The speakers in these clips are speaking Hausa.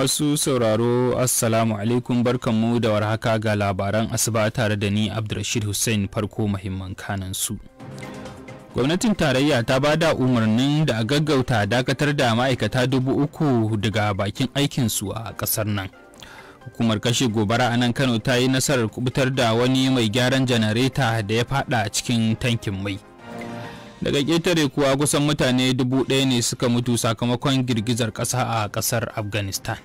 Masu sauraro Assalamu alaikum barkanmu da warhaka ga labaran asuba tare da ni Abdulrashid Hussein farko muhimman kanan su. Gwamnatin tarayya ta ba da umarnin da a gaggauta dakatar da ma'aikata dubu uku daga bakin aikinsu a kasar nan. Hukumar kashe gobara a nan Kano ta yi nasarar kubutar da wani mai gyaran janareta da ya fada cikin tankin mai. daga ƙetare kuwa kusan mutane dubu ɗaya ne suka mutu sakamakon girgizar ƙasa a ƙasar afghanistan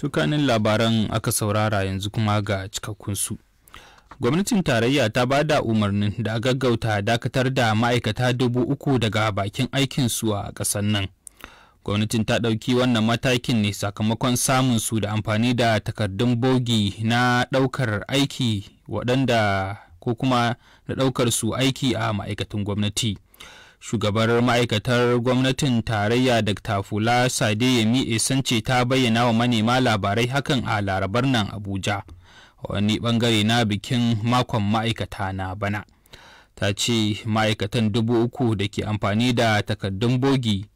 tukanin labaran aka saurara yanzu kuma ga cikakkunsu gwamnatin tarayya ta ba da umarnin da a gaggauta dakatar da ma'aikata dubu uku daga bakin aikin su a ƙasar nan gwamnatin ta ɗauki wannan matakin ne sakamakon samun su da amfani da takardun bogi na ɗaukar aiki waɗanda ko kuma da ɗaukar su aiki a ma'aikatan gwamnati shugabar ma'aikatar gwamnatin tarayya dr fula sade yemi esance ta bayyana wa manema labarai hakan a larabar nan abuja wani bangare na bikin makon ma'aikata na bana ta ce ma'aikatan dubu uku da ke amfani da takardun bogi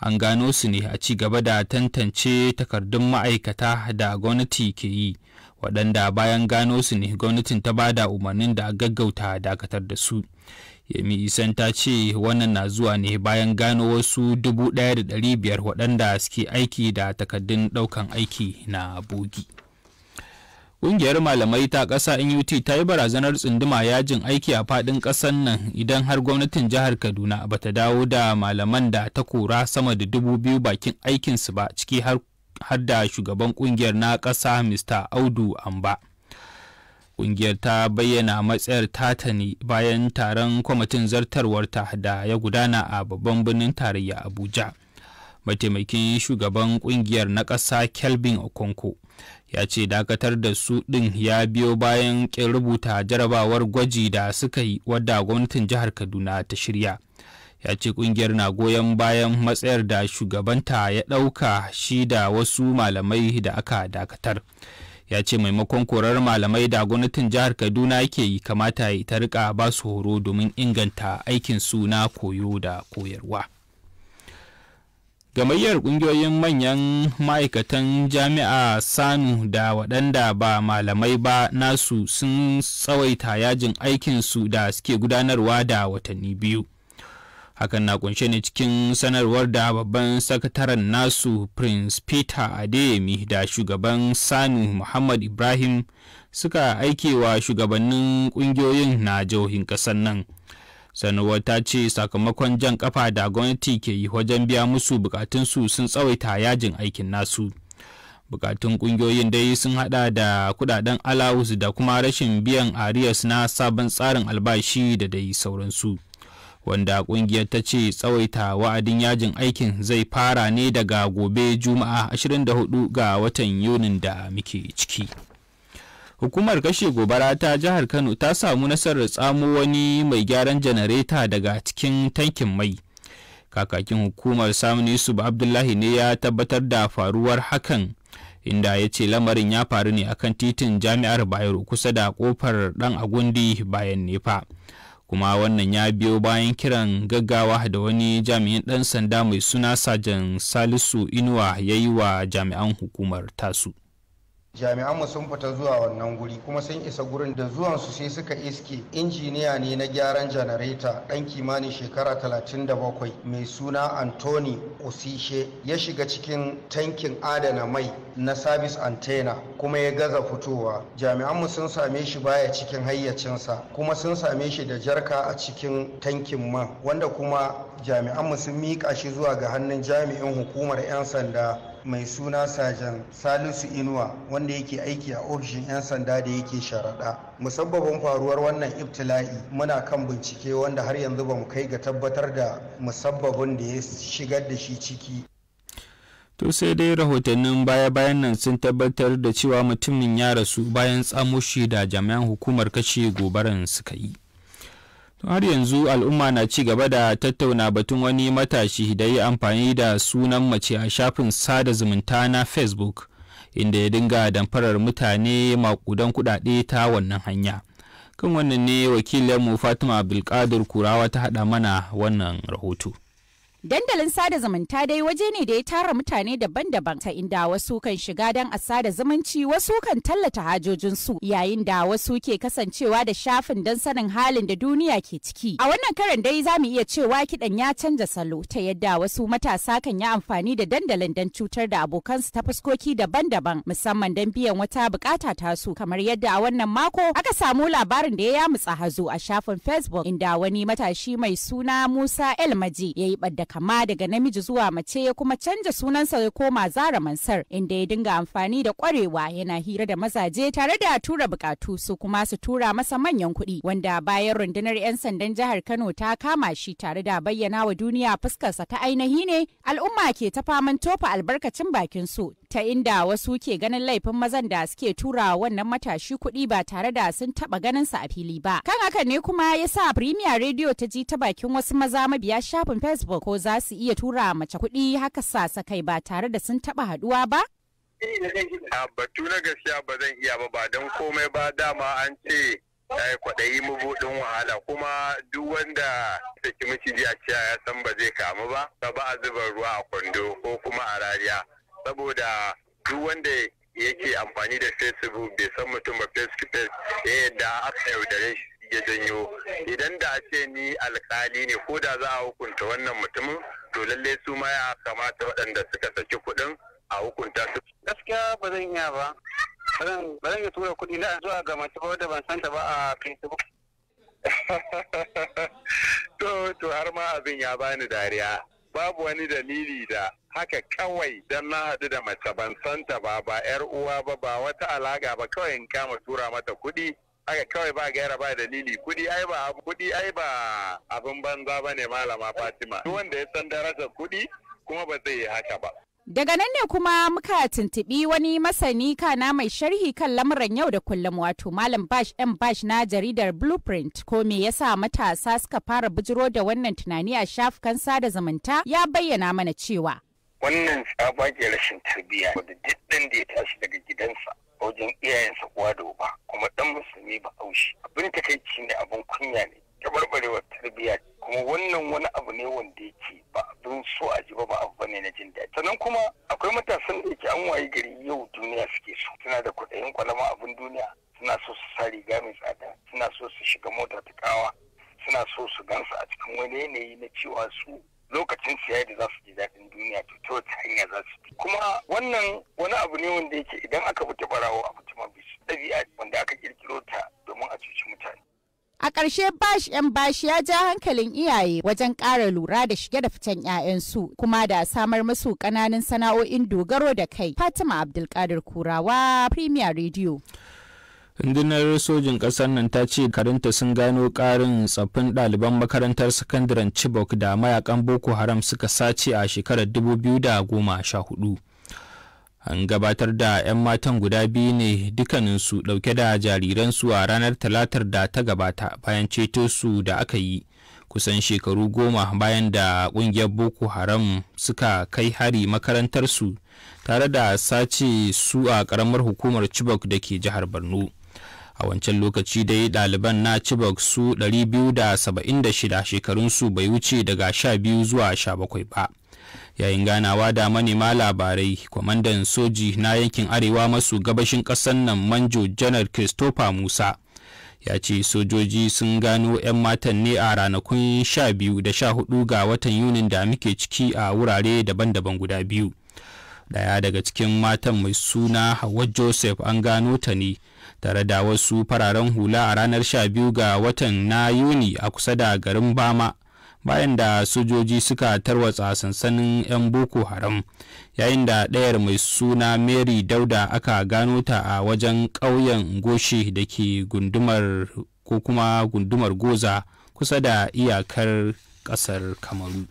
an gano su ne a ci gaba da tantance takardun ma'aikata da gwamnati ke yi waɗanda bayan gano su ne gwamnatin ta bada umarnin da gaggauta dakatar da su yami isan ta ce wannan na zuwa ne bayan gano wasu da ɗari biyar waɗanda suke aiki da takardun ɗaukan aiki na bogi. Ƙungiyar malamai ta ƙasa NUT ta yi barazanar tsunduma yajin aiki a faɗin ƙasar nan idan har gwamnatin jihar Kaduna ba ta dawo da malaman da ta kora sama da dubu biyu bakin aikinsu ba ciki har, da shugaban ƙungiyar na ƙasa Mr. Audu Amba. Ƙungiyar ta bayyana matsayar tata bayan taron kwamitin zartarwarta da ya gudana a babban birnin tarayya Abuja. mataimakin shugaban kungiyar na ƙasa kelvin okonko ya ce dakatar da su ɗin ya biyo bayan ƙin rubuta jarabawar gwaji da suka yi wadda gwamnatin jihar kaduna ta shirya ya ce kungiyar na goyon bayan matsayar da shugabanta ya ɗauka shi da wasu malamai da aka dakatar ya ce maimakon korar malamai da gwamnatin jihar kaduna ke yi kamata ya ta rika ba su horo domin inganta aikinsu na koyo da koyarwa gamayyar ƙungiyoyin manyan ma'aikatan jami'a sanu da waɗanda ba malamai ba nasu sun tsawaita yajin aikinsu da suke gudanarwa da watanni biyu hakan na kunshe ne cikin sanarwar da babban sakataren nasu prince peter adeyemi da shugaban sanu muhammad ibrahim suka aikewa shugabannin ƙungiyoyin na jihohin ƙasar nan sanuwar ta ce sakamakon jan kafa da gwamnati ke yi wajen biya musu bukatunsu sun tsawaita yajin aikin nasu bukatun kungiyoyin dai sun hada da kudaden alawus da kuma rashin biyan arias na sabon tsarin albashi da dai sauransu wanda kungiyar ta ce tsawaita wa'adin yajin aikin zai fara ne daga gobe juma'a 24 ga watan yunin da muke ciki hukumar kashe gobara ta jihar kano ta samu nasarar tsamo wani mai gyaran janareta daga cikin tankin mai kakakin hukumar samun yusuf abdullahi ne ya tabbatar da faruwar hakan inda ya ce lamarin ya faru ne akan titin jami'ar bayero kusa da kofar dan agundi bayan nefa kuma wannan ya biyo bayan kiran gaggawa da wani jami'in dan sanda mai suna sajan salisu inuwa ya yi wa jami'an hukumar tasu jami'anmu sun fita zuwa wannan guri kuma sun isa gurin da zuwan su sai suka iske injiniya ne na gyaran janareta ɗan kimanin shekara 37 mai suna antoni osishe ya shiga cikin tankin adana mai na Sabis Antena. kuma ya gaza fitowa jami'anmu sun same shi baya cikin hayyacinsa kuma sun same shi da jarka a cikin tankin man wanda kuma jami'anmu sun miƙa shi zuwa ga hannun jami'in hukumar 'yan sanda mai suna sajan salisu inuwa wanda yake aiki a ofishin 'yan sanda da yake sharaɗa musabbabin faruwar wannan ibtila'i muna kan bincike wanda har yanzu ba mu kai ga tabbatar da musabbabin da ya shigar da shi ciki to sai dai rahotannin baya-bayan nan sun tabbatar da cewa mutumin ya rasu bayan tsamo shi da jami'an hukumar kashe gobaran suka yi har yanzu al'umma na ci gaba da tattauna batun wani matashi da ya amfani da sunan mace a shafin sada zumunta na facebook inda ya dinga damfarar mutane makudan kudade ta wannan hanya kan wannan ne wakilinmu fatima abdulkadir kurawa ta hada mana wannan rahoto Dandalin sada zumunta dai waje ne da ya tara mutane daban-daban ta inda wasu kan shiga don a sada zumunci wasu kan tallata hajojinsu yayin da wasu ke kasancewa da shafin don sanin halin da duniya ke ciki. A wannan karan dai za mu iya cewa kiɗan ya canza salo ta yadda wasu matasa kan yi amfani da dandalin don cutar da abokansu ta fuskoki daban-daban musamman don biyan wata bukata su. kamar yadda a wannan mako aka samu labarin da ya yamutsa hazo a shafin Facebook inda wani matashi mai suna Musa Elmaji ya yi ɓadda kama daga namiji zuwa mace ya kuma canja sunansa ya koma Zara Mansar inda ya dinga amfani da kwarewa yana hira da mazaje tare da tura bukatu su kuma su tura masa manyan kuɗi wanda bayan rundunar 'yan sandan jihar Kano ta kama shi tare da bayyana wa duniya fuskarsa ta ainihi ne al'umma ke ta faman tofa albarkacin bakin su ta inda wasu ke ganin laifin mazan da suke tura wannan matashi kuɗi ba tare da sun taɓa ganin su a fili ba. Kan hakan ne kuma ya sa Premier Radio ta ji ta bakin wasu maza mabiya shafin Facebook ko za su iya tura mace kuɗi haka sasakai ba tare da sun taɓa haɗuwa ba? A batu na gaskiya ba zan iya ba ba don komai ba dama an ce kwaɗayi mabuɗin wahala kuma duk wanda saki miciji a ciya san ba zai kamu ba ba a zuba ruwa a kwando ko kuma a rariya. saboda duk wanda yake amfani da facebook bai san mutum ba face to ya yadda aka yaudare shi ya janyo idan da a ce ni alkali ne ko da za a hukunta wannan mutumin to lalle su ma ya kamata waɗanda suka saki kuɗin a hukunta su gaskiya ba zan iya ba ba zan iya tura kuɗi na zuwa ga mace ba wadda ban santa ba a facebook to to har ma abin ya bani dariya babu wani dalili da haka kawai don na haɗu da mace ban santa ba ba yar uwa ba ba wata alaka ba kawai in kama tura mata kuɗi haka kawai ba gaira ba dalili kuɗi ai ba kuɗi ai ba abin banza ba ne malama Fatima duk wanda ya san darajar kuɗi kuma ba zai yi haka ba Daga nan ne kuma muka tuntubi wani masani kana mai sharhi kan lamuran yau da kullum wato Malam Bash M Bash na jaridar Blueprint ko me yasa matasa suka fara bijiro da wannan tunani a shafukan sada zumunta ya bayyana mana cewa wannan tsaba ke rashin tarbiyya wadda duk ɗan da ya tashi daga gidansa wajen iyayensa kuwa da uba kuma ɗan musulmi ba haushi abin takaici ne abin kunya ne barbarewar tarbiyya kuma wannan wani abu ne wanda yake ba abin so a ji ba ba abu bane na jin daɗi sannan kuma akwai matasan da yake an waye gari yau duniya suke so suna da kuɗayen kwalama abin duniya suna so su sa riga mai tsada suna so su shiga mota ta kawa suna so su gansa a cikin wani yanayi na cewa su lokacin su da za su ji daɗin duniya to ta wace hanya za su bi kuma wannan wani abu ne wanda yake idan aka fita barawo a fituma bishi ɗabi'a wanda aka kirkiro ta domin a cuci mutane A ƙarshe bash 'yan bashi ya ja hankalin iyaye wajen ƙara lura da shige da fitan 'ya'yansu kuma da samar musu ƙananan sana'o'in dogaro da kai. Fatima Abdulkadir Kurawa, Premier Radio. rundunar sojin ƙasar nan ta ce karinta sun gano ƙarin tsaffin ɗaliban makarantar sakandaren chibok da mayakan boko haram suka sace a shekarar 2014 an gabatar da 'yan matan guda biyu ne dukkaninsu ɗauke da jariransu a ranar talatar da ta gabata bayan ceto su da aka yi kusan shekaru goma bayan da ƙungiyar boko haram suka kai hari makarantarsu tare da sace su a ƙaramar hukumar chibok da ke jihar borno a wancan lokaci dai ɗaliban na Chibok su 276 su bai wuce daga 12 zuwa 17 ba. Yayin ganawa da manema labarai, kwamandan soji na yankin arewa masu gabashin ƙasar nan manjo janar Christopher Musa. ya ce sojoji sun gano 'yan matan ne a ranakun 12 da 14 ga watan yunin da muke ciki a wurare daban-daban guda biyu daya daga cikin matan mai suna hawa joseph an gano ta ne tare da wasu fararen hula a ranar 12 ga watan na Yuni a kusa da garin Bama. bayan da sojoji suka tarwatsa sansanin 'yan boko haram yayin da ɗayar mai suna mary dauda aka gano ta a wajen ƙauyen goshi da ke gundumar ko kuma gundumar goza kusa da iyakar ƙasar kamaru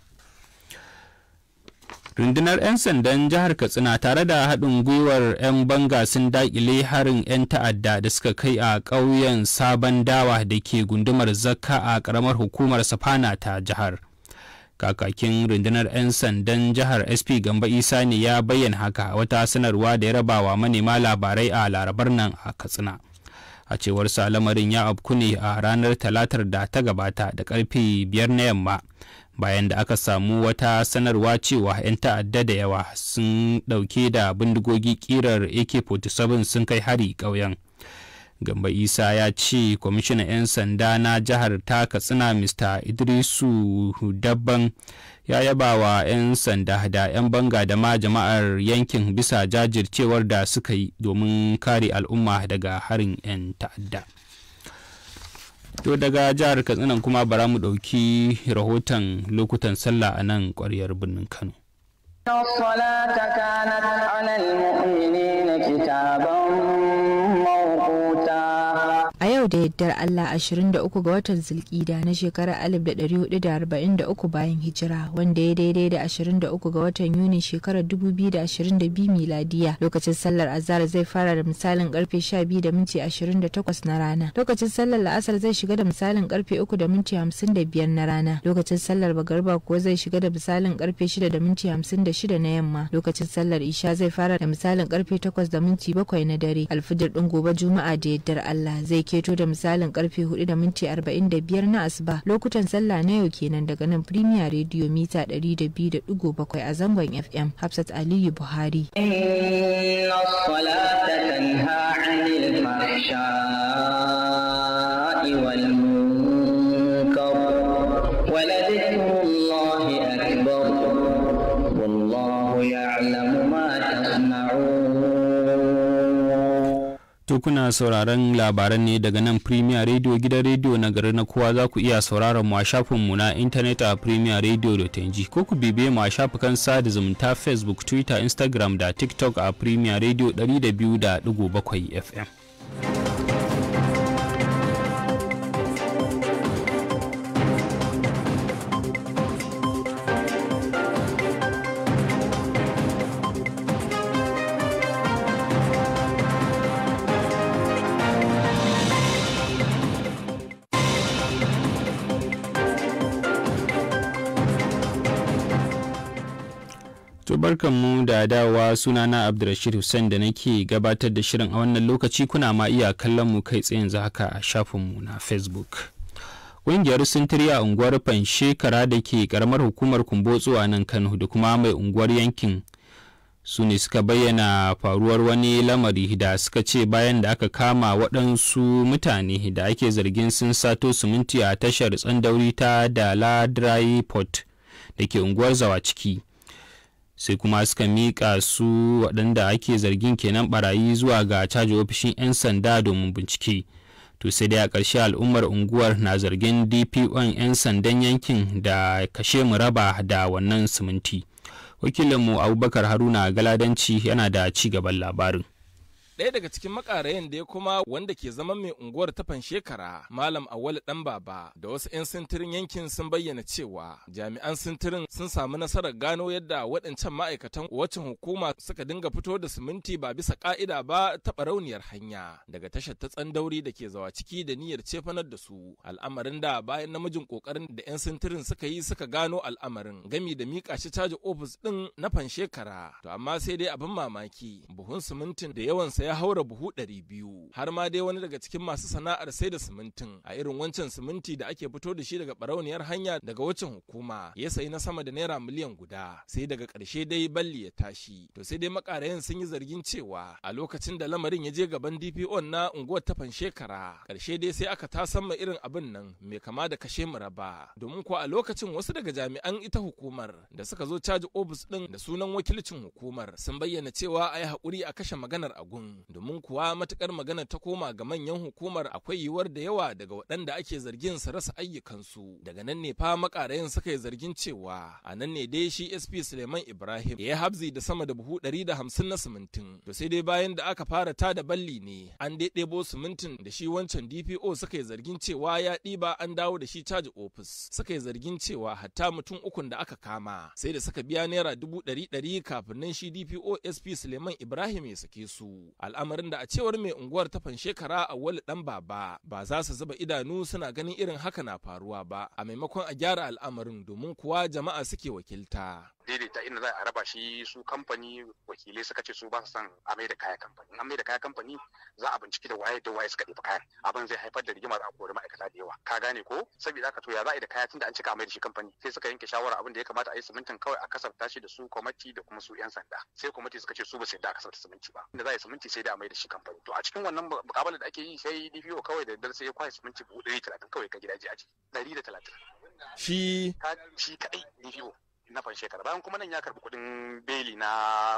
rundunar 'yan sandan jihar katsina tare da haɗin gwiwar 'yan banga sun daƙile harin 'yan ta'adda da suka kai a ƙauyen sabon dawa da ke gundumar zakka a ƙaramar hukumar safana ta jihar kakakin rundunar 'yan sandan jihar sp gamba isa ne ya bayyana haka wata sanarwa da ya raba wa manema labarai a larabar nan a katsina a cewar sa lamarin ya afku ne a ranar talatar da ta gabata da karfe biyar na yamma bayan da aka samu wata sanarwa cewa 'yan ta'adda da yawa sun ɗauke da bindigogi ƙirar ak-47 sun kai hari ƙauyen gamba isa ya ce kwamishinan 'yan sanda na jihar ta katsina mr idrisu dabban ya yaba wa 'yan sanda da 'yan banga da ma jama'ar yankin bisa jajircewar da suka yi domin kare al'umma daga harin 'yan ta'adda to daga jihar katsina kuma bara mu ɗauki rahoton lokutan sallah a nan ƙwaryar birnin kano yau da yaddar Allah 23 ga watan Zulkida na shekarar 1443 bayan hijira wanda ya daidai da 23 ga watan Yuni shekarar 2022 miladiya lokacin sallar azhar zai fara da misalin karfe 12 da minti 28 na rana lokacin sallar la'asar zai shiga da misalin karfe 3 da minti 55 na rana lokacin sallar bagarba kuwa zai shiga da misalin karfe 6 da minti 56 na yamma lokacin sallar isha zai fara da misalin karfe 8 da minti 7 na dare alfijir din gobe juma'a da yaddar Allah zai keto da misalin karfe 4 da minti 45 na asuba lokutan sallah na yau kenan daga nan Premier Radio mita 200.7 a zangon FM Hafsat Aliyu Buhari. Inna salata tanha 'anil fahsha'i yanzu kuna sauraron labaran ne daga nan Premier Radio gidan radio na gari na kowa za ku iya sauraron mu a shafinmu na intanet a da premierradio.ng ko ku bibiye mu a shafukan sada zumunta Facebook, Twitter, Instagram da TikTok a Premier Radio 102.7 FM. barkanmu da dawowa sunana Abdulrashid hussain da nake gabatar da shirin a wannan lokaci kuna ma iya kallon mu kai tsaye yanzu haka a shafinmu na Facebook. Ƙungiyar sintiri a unguwar Fanshekara da ke karamar hukumar Kumbotso a nan Kano da kuma mai unguwar yankin su ne suka bayyana faruwar wani lamari da suka ce bayan da aka kama waɗansu mutane da ake zargin sun sato siminti a tashar tsandauri ta dala dry port da ke unguwar zawa ciki sai kuma suka miƙa su waɗanda ake zargin kenan barayi zuwa ga caji ofishin 'yan sanda domin bincike to sai dai a ƙarshe al'ummar unguwar na zargin dpon 'yan sandan yankin da kashe mu raba da wannan siminti wakilinmu abubakar haruna galadanci yana da ci gaban labarin Ɗaya daga cikin makarayin da ya kuma wanda ke zama mai unguwar tafan shekara Malam Awali ɗan Baba da wasu 'yan sintirin yankin sun bayyana cewa jami'an sintirin sun samu nasarar gano yadda waɗancan ma'aikatan wacin hukuma suka dinga fito da siminti ba bisa ka'ida ba ta barauniyar hanya daga tashar ta tsandauri da ke zawa ciki da niyyar cefanar da su al'amarin da bayan namijin kokarin da 'yan sintirin suka yi suka gano al'amarin gami da mika shi caji ofis ɗin na shekara. to amma sai dai abin mamaki buhun simintin da yawan ya haura buhu ɗari biyu har ma dai wani daga cikin masu sana'ar sai da simintin a irin wancan siminti da ake fito da shi daga barauniyar hanya daga waccan hukuma ya sayi na sama da naira miliyan guda sai daga ƙarshe dai balli ya tashi to sai dai makarayan sun yi zargin cewa a lokacin da lamarin ya je gaban DPO na unguwar tafan shekara ƙarshe dai sai aka ta tasamma irin abin nan mai kama da kashe mu raba domin ko a lokacin wasu daga jami'an ita hukumar da suka zo caji ofis ɗin da sunan wakilcin hukumar sun bayyana cewa a yi haƙuri a kashe maganar agun domin kuwa matukar magana ta koma ga manyan hukumar akwai yiwuwar da yawa daga waɗanda ake zargin su rasa ayyukansu daga nan ne fa makarayin suka yi zargin cewa a nan ne dai shi sp suleiman ibrahim ya habzi da sama da buhu ɗari da hamsin na simintin to sai dai bayan da aka fara ta da balli ne an dai ɗebo simintin da shi wancan dpo suka yi zargin cewa ya ɗiba an dawo da shi caji ofis suka yi zargin cewa hatta mutum ukun da aka kama sai da suka biya naira dubu ɗari ɗari kafin nan shi dpo sp suleiman ibrahim ya sake su al'amarin da a cewar mai unguwar ta shekara a wali dan baba ba za su zuba idanu suna ganin irin haka na faruwa ba a maimakon a gyara al'amarin domin kuwa jama'a suke wakilta daidaita inda za a raba shi su kamfani wakilai suka ce su ba su san a mai da kaya kamfani an mai da kaya kamfani za a binciki da waye da waye suka ɗebi kayan abin zai haifar da rigimar a kori ma'aikata da yawa ka gane ko saboda haka to ya za a yi da kaya tunda an cika a mai da shi kamfani sai suka yanke shawara abin da ya kamata a yi simintin kawai a kasafta shi da su kwamati da kuma su yan sanda sai kwamati suka ce su ba su yarda a kasafta siminti ba inda za a yi siminti sai da a mai da shi kamfani to a cikin wannan mukabalar da ake yi sai DPO kawai da dare sai ya kwashe siminti buhu kawai ka gidaje aji ɗari da shi shi kaɗai DPO na fan shekara bayan kuma nan ya karbi kuɗin beli na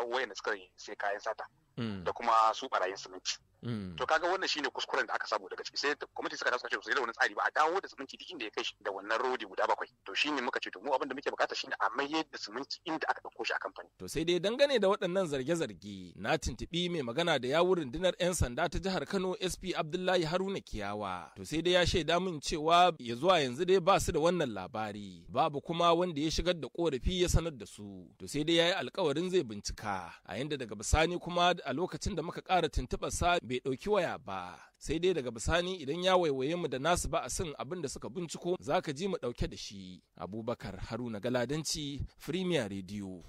wayanda suka sai kayan sata hmm. da kuma su barayin siminti Mm. to kaga wannan shine kuskuren da aka samu daga ciki sai kwamitin suka suka ce su da wannan tsari ba a dawo da siminti duk inda ya kai shi da wannan rodi guda bakwai to shine muka ce to mu abin da muke bukata shine a mai da siminti inda aka dauko shi a kamfani to sai dai dangane da waɗannan zarge-zarge na tuntubi mai magana da yawun rundunar 'yan sanda ta jihar Kano SP Abdullahi Haruna Kiyawa to sai dai ya shaida min cewa ya zuwa yanzu dai ba su da wannan labari babu kuma wanda ya shigar da korafi ya sanar da su to sai dai ya yi alkawarin zai bincika a yanda daga bisani kuma a lokacin da muka ƙara tuntuɓar bai ɗauki waya ba sai dai daga bisani idan ya waiwaye mu da nasu ba a san abin da suka binciko za ka ji mu ɗauke da shi abubakar haruna galadanci premier radio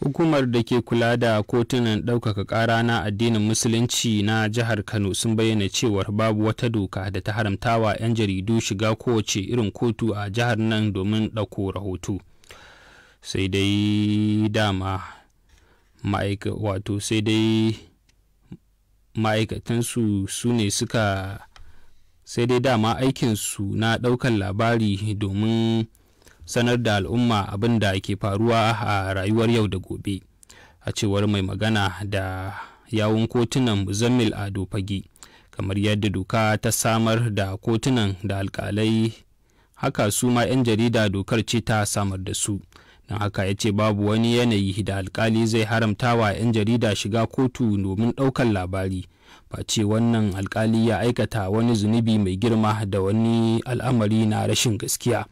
hukumar da ke kula da kotunan ɗaukaka ƙara na addinin musulunci na jihar kano sun bayyana cewa babu wata doka da ta haramtawa 'yan jaridu shiga kowace irin kotu a jihar nan domin ɗauko rahoto sai dai dama ma'aika wato sai dai ma'aikatansu su ne suka sai dai dama aikinsu na ɗaukan labari domin sanar da al'umma abin da ke faruwa a rayuwar yau da gobe a cewar mai magana da yawun kotunan muzammil a fage kamar yadda doka ta samar da kotunan da alkalai haka su ma 'yan jarida dokar ce ta samar da su don haka ya ce babu wani yanayi da alkali zai haramta wa 'yan jarida shiga kotu domin ɗaukar labari face wannan alkali ya aikata wani zunubi mai girma da wani al'amari na rashin gaskiya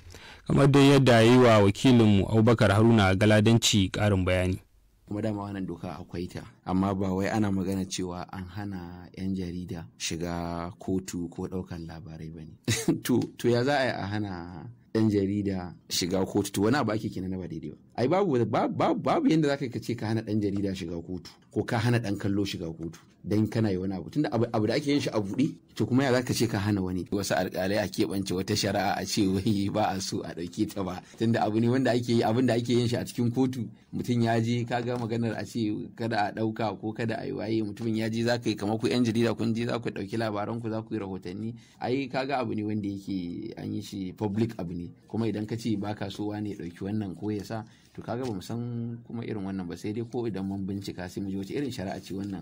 kamar dai yadda yi wa wakilinmu abubakar haruna galadanci karin bayani kuma dama wannan doka akwai ta amma ba wai ana magana cewa an hana 'yan jarida shiga kotu ko ɗaukar labarai ba ne to ya za a yi a hana dan jarida shiga kotu to wani abu ake kenan na ba daidai ba ai babu babu babu yanda zaka ka ce ka hana dan jarida shiga kotu ko ka hana dan kallo shiga kotu dan kana yi wani abu tunda abu da ake yin shi a buɗe to kuma ya zaka ce ka hana wani wasu alƙalai a keɓance wata shari'a a ce wai ba a so a ɗauke ta ba tunda abu ne wanda ake yi abin da ake yin shi a cikin kotu mutum ya je ka ga maganar a ce kada a ɗauka ko kada a yi waye mutumin ya je zaka yi kamar ku yan jarida kun je za ku ɗauki labaran ku za ku yi rahotanni ai ga abu ne wanda yake an yi shi public abu ne kuma idan ka ce baka so wani ya ɗauki wannan ko ya sa to kaga ba mu san kuma irin wannan ba sai dai ko idan mun bincika sai mu ji wace irin shari'a ce wannan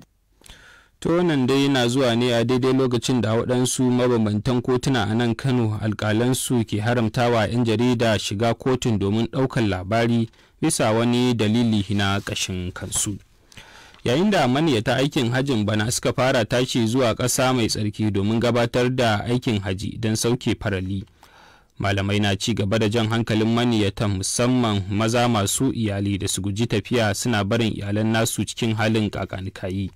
To nan dai yana zuwa ne a daidai lokacin da waɗansu mabambantan kotuna a nan Kano alƙalansu ke haramtawa 'yan jarida shiga kotun domin ɗaukar labari bisa wani dalili na ƙashin kansu. Yayin da maniyata aikin hajin bana suka fara tashi zuwa ƙasa mai tsarki domin gabatar da aikin haji don sauke farali. Malamai na ci gaba da jan hankalin maniyatan musamman maza masu iyali da su guji tafiya suna barin iyalan nasu cikin halin kakanikayi.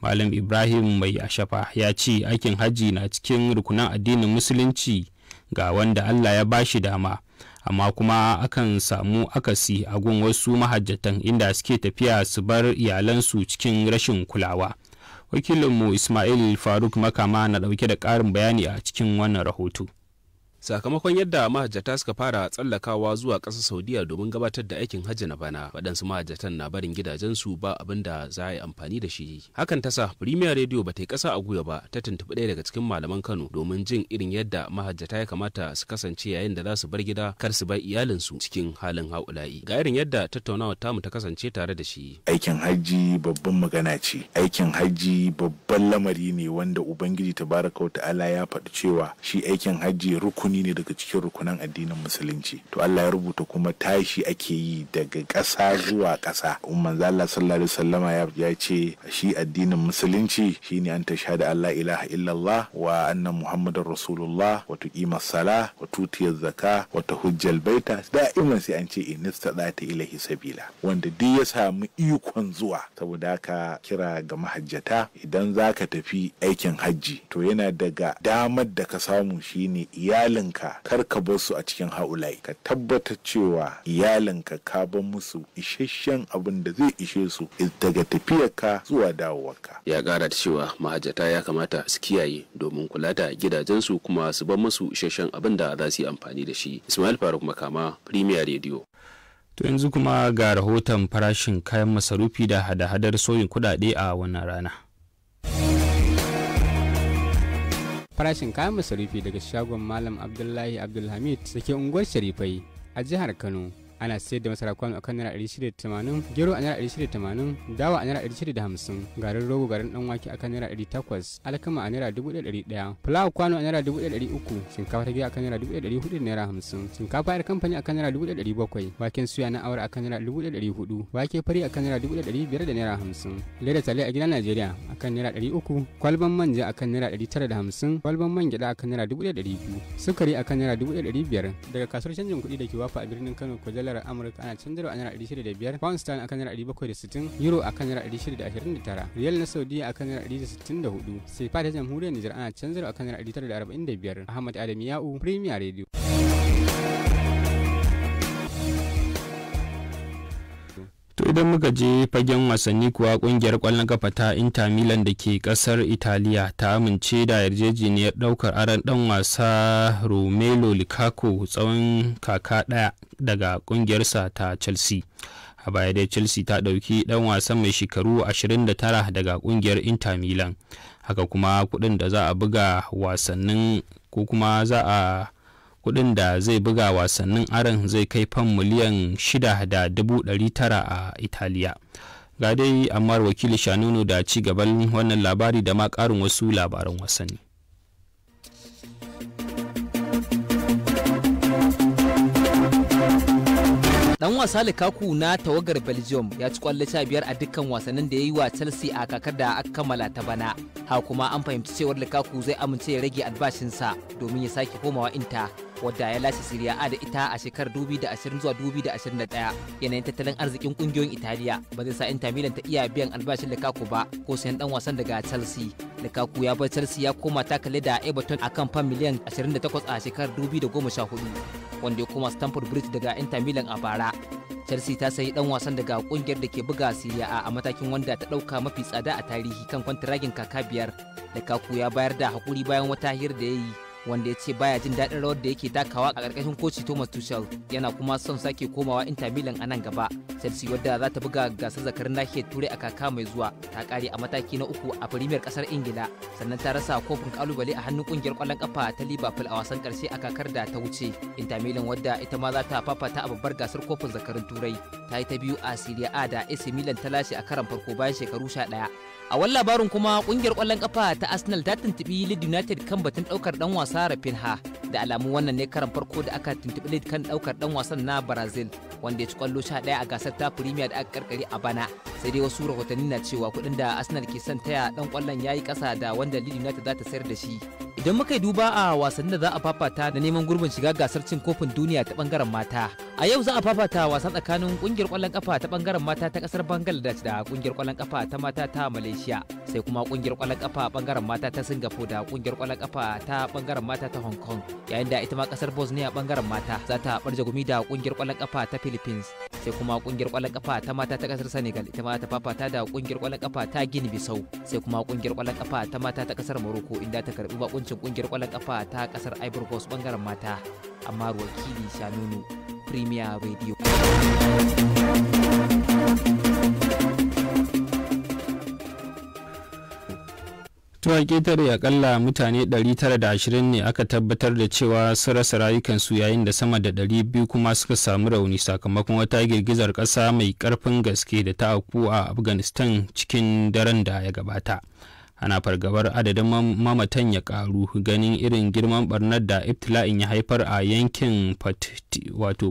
malam ibrahim mai ashafa ya ce aikin hajji na cikin rukunan addinin musulunci ga wanda allah ya ba shi dama amma kuma akan samu akasi a gun wasu mahajjatan inda suke tafiya su bar iyalansu cikin rashin kulawa wakilinmu ismail faruk makama na ɗauke da ƙarin bayani a cikin wannan rahoto sakamakon yadda mahajjata suka fara tsallakawa zuwa ƙasar saudiya domin gabatar da aikin hajji na bana waɗansu mahajjatan na barin gidajensu ba abin da za a yi amfani da shi hakan tasa premier radio ba ta yi ƙasa a gwiwa ba ta tuntuɓi ɗaya daga cikin malaman kano domin jin irin yadda mahajjata ya kamata su kasance yayin da za su bar gida kar su bar iyalinsu cikin halin haula'i ga irin yadda tattaunawar tamu ta kasance tare da shi aikin hajji babban magana ce aikin hajji babban lamari ne wanda ubangiji tabaraka wa ta'ala ya faɗi cewa shi aikin hajji rukuni rukuni ne daga cikin rukunan addinin musulunci to Allah ya rubuta kuma tashi ake yi daga ƙasa zuwa ƙasa umman Allah sallallahu alaihi ya ce shi addinin musulunci shine an da Allah ilaha illallah wa anna muhammadar rasulullah wa tuqima sala wa tutiya zaka wa tahujjal baita da'iman sai an ce inista ta ilahi sabila wanda duk ya samu ikon zuwa saboda haka kira ga mahajjata idan zaka tafi aikin hajji to yana daga damar da ka samu shine iyalin iyalinka kar ka bar su a cikin haulai ka tabbata cewa iyalinka ka bar musu isasshen abin da zai ishe su daga tafiyarka zuwa dawowarka ya kara da cewa mahajjata ya kamata su kiyaye domin kula da gidajensu kuma su bar musu isasshen abin da za su yi amfani da shi ismail faruk makama premier radio To yanzu kuma ga rahoton farashin kayan masarufi da hada-hadar sauyin kudade a wannan rana. farashin kayan masarufi daga shagon malam abdullahi abdulhamid da ke unguwar sharifai a jihar kano ana sayar da masara kwano akan naira ɗari shida da tamanin gero a naira ɗari shida da tamanin dawa a naira ɗari shida da hamsin garin rogo garin ɗan wake akan naira ɗari takwas alkama a naira dubu ɗaya ɗari ɗaya fulawa kwano a naira dubu ɗaya ɗari uku shinkafa ta gida akan naira dubu ɗaya ɗari hudu da naira hamsin shinkafa yar kamfani akan naira dubu ɗaya ɗari bakwai waken suya na awara akan naira dubu ɗaya ɗari hudu wake fari akan naira dubu ɗaya ɗari biyar da naira hamsin leda tale a gidan najeriya akan naira ɗari uku kwalban manja akan naira ɗari tara da hamsin kwalban man gyaɗa akan naira dubu ɗaya ɗari biyu sukari akan naira dubu ɗaya ɗari biyar daga kasuwar canjin kuɗi da ke wafa a birnin kano kwajal dalar Amurka ana can canjarwa a naira 605, pound sterling kan naira 760, euro a kan naira 629, riyal na Saudiya a kan naira 164, sefa ta jamhuriyar Nijar ana can a kan naira 945. Ahmad Adam Ya'u, Premier Radio. idan muka je fagen wasanni kuwa kungiyar kwallon kafa ta inter milan da ke kasar italiya ta amince da yarjejeniyar daukar aran dan wasa romelu lukaku tsawon kaka daya daga kungiyarsa ta chelsea a baya dai chelsea ta dauki dan wasan mai shekaru 29 daga kungiyar inter milan haka kuma kudin da za a buga wasannin ko kuma za a kudin da zai buga wasannin aron zai kai fan miliyan 6,900 a italiya ga dai amma wakili shanunu da ci gaban wannan labari da ma karin wasu labaran wasanni dan wasa Lukaku na tawagar Belgium ya ci kwallo sha biyar a dukkan wasannin da ya yi wa Chelsea a kakar da aka kammala ta bana. Ha kuma an fahimci cewar Lukaku zai amince ya rage albashinsa domin ya sake komawa inta. wadda ya lashe Siriya A da ita a shekarar 2020 zuwa 2021 yanayin tattalin arzikin kungiyoyin Italiya ba zai sa Inter Milan ta iya biyan albashin Lukaku ba ko sayan dan wasan daga Chelsea. Lukaku ya bar Chelsea ya koma takalle da Everton akan fan miliyan 28 a shekarar 2014 wanda ya koma Stamford Bridge daga Inter Milan a bara. Chelsea ta sayi dan wasan daga kungiyar da ke buga Serie A matakin wanda ta dauka mafi tsada a tarihi kan kwantiragin kaka biyar. Lukaku ya bayar da hakuri bayan wata hirar da ya yi wanda ya ce baya jin daɗin rawar da yake takawa a ƙarƙashin koci Thomas Tuchel yana kuma son sake komawa Inter Milan a nan gaba. Chelsea wadda za ta buga gasar zakarin nahiyar Turai a kaka mai zuwa ta ƙare a mataki na uku a Premier ƙasar Ingila sannan ta rasa kofin ƙalubale a hannun ƙungiyar ƙwallon ƙafa ta Liverpool a wasan ƙarshe a kakar da ta wuce. Inter Milan wadda ita ma za ta fafata a babbar gasar kofin zakarin Turai ta yi ta biyu a Serie A da AC Milan ta lashe a karan farko bayan shekaru sha ɗaya. a wani labarin kuma kungiyar kwallon kafa ta arsenal ta tuntubi leeds united kan batun daukar dan wasa ha, da alamu wannan ne karan farko da aka tuntubi leeds kan daukar dan wasan na brazil wanda ya ci kwallo sha daya a gasar ta premier da aka karkare a bana sai dai wasu rahotanni na cewa kuɗin da arsenal ke son taya dan kwallon yi ƙasa da wanda leeds united za ta sayar da shi idan muka yi duba a wasannin da za a fafata da neman gurbin shiga gasar cin kofin duniya ta bangaren mata a yau za a fafata wasan tsakanin kungiyar kwallon kafa ta bangaren mata ta kasar bangladesh da kungiyar kwallon kafa ta mata ta malaysia malaysia sai kuma kungiyar kwallon kafa bangaren mata ta singapore da kungiyar kwallon kafa ta bangaren mata ta hong kong yayin da ita ma kasar bosnia bangaren mata za ta barje gumi da kungiyar kwallon kafa ta philippines sai kuma kungiyar kwallon kafa ta mata ta kasar senegal ita ma ta fafata da kungiyar kwallon kafa ta guinea bissau sai kuma kungiyar kwallon kafa ta mata ta kasar morocco inda ta karbi bakuncin kungiyar kwallon kafa ta kasar ivory coast bangaren mata amma wakili shanunu premier radio a ƙetare akalla mutane 920 ne aka tabbatar da cewa su rasa rayukansu yayin da sama da 200 kuma suka samu rauni sakamakon wata girgizar ƙasa mai ƙarfin gaske da ta auku a Afghanistan cikin daren da ya gabata. Ana fargabar adadin mamatan ya ƙaru ganin irin girman barnar da iftila'in ya haifar a yankin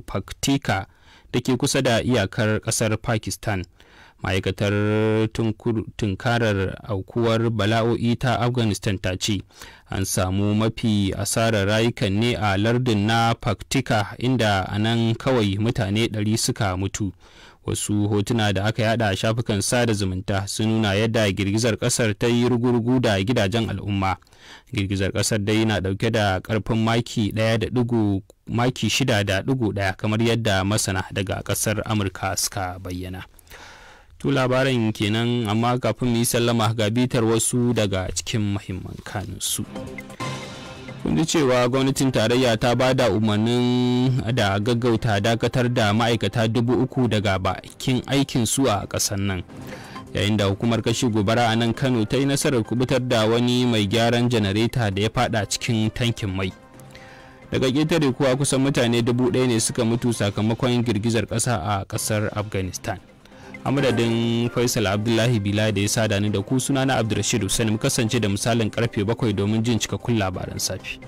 Paktika da ke kusa da iyakar ƙasar Pakistan. ma'aikatar tunkarar aukuwar bala'o'i ta afghanistan ta ce an samu mafi asarar rayukan ne a lardin na paktika inda a nan kawai mutane 100 suka mutu wasu hotuna da aka yada shafukan sada zumunta sun nuna yadda girgizar kasar ta yi rugurgu da gidajen al'umma girgizar kasar dai na dauke da karfin maki daya da dugu maki shida da dugu daya kamar yadda masana daga kasar amurka suka bayyana to labaran kenan amma kafin mu yi sallama ga bitar wasu daga cikin muhimman kanunsu kun ji cewa gwamnatin tarayya ta ba da umarnin da gaggauta dakatar da ma'aikata dubu uku daga bakin aikin su a ƙasar nan yayin da hukumar kashe gobara a nan kano ta yi nasarar kubutar da wani mai gyaran janareta da ya fada cikin tankin mai daga ƙetare kuwa kusan mutane dubu ɗaya ne suka mutu sakamakon girgizar ƙasa a ƙasar afghanistan a madadin faisal abdullahi bila da ya sada ni da ku suna na abdulrashid hussein mu kasance da misalin karfe bakwai domin jin cikakkun labaran safi.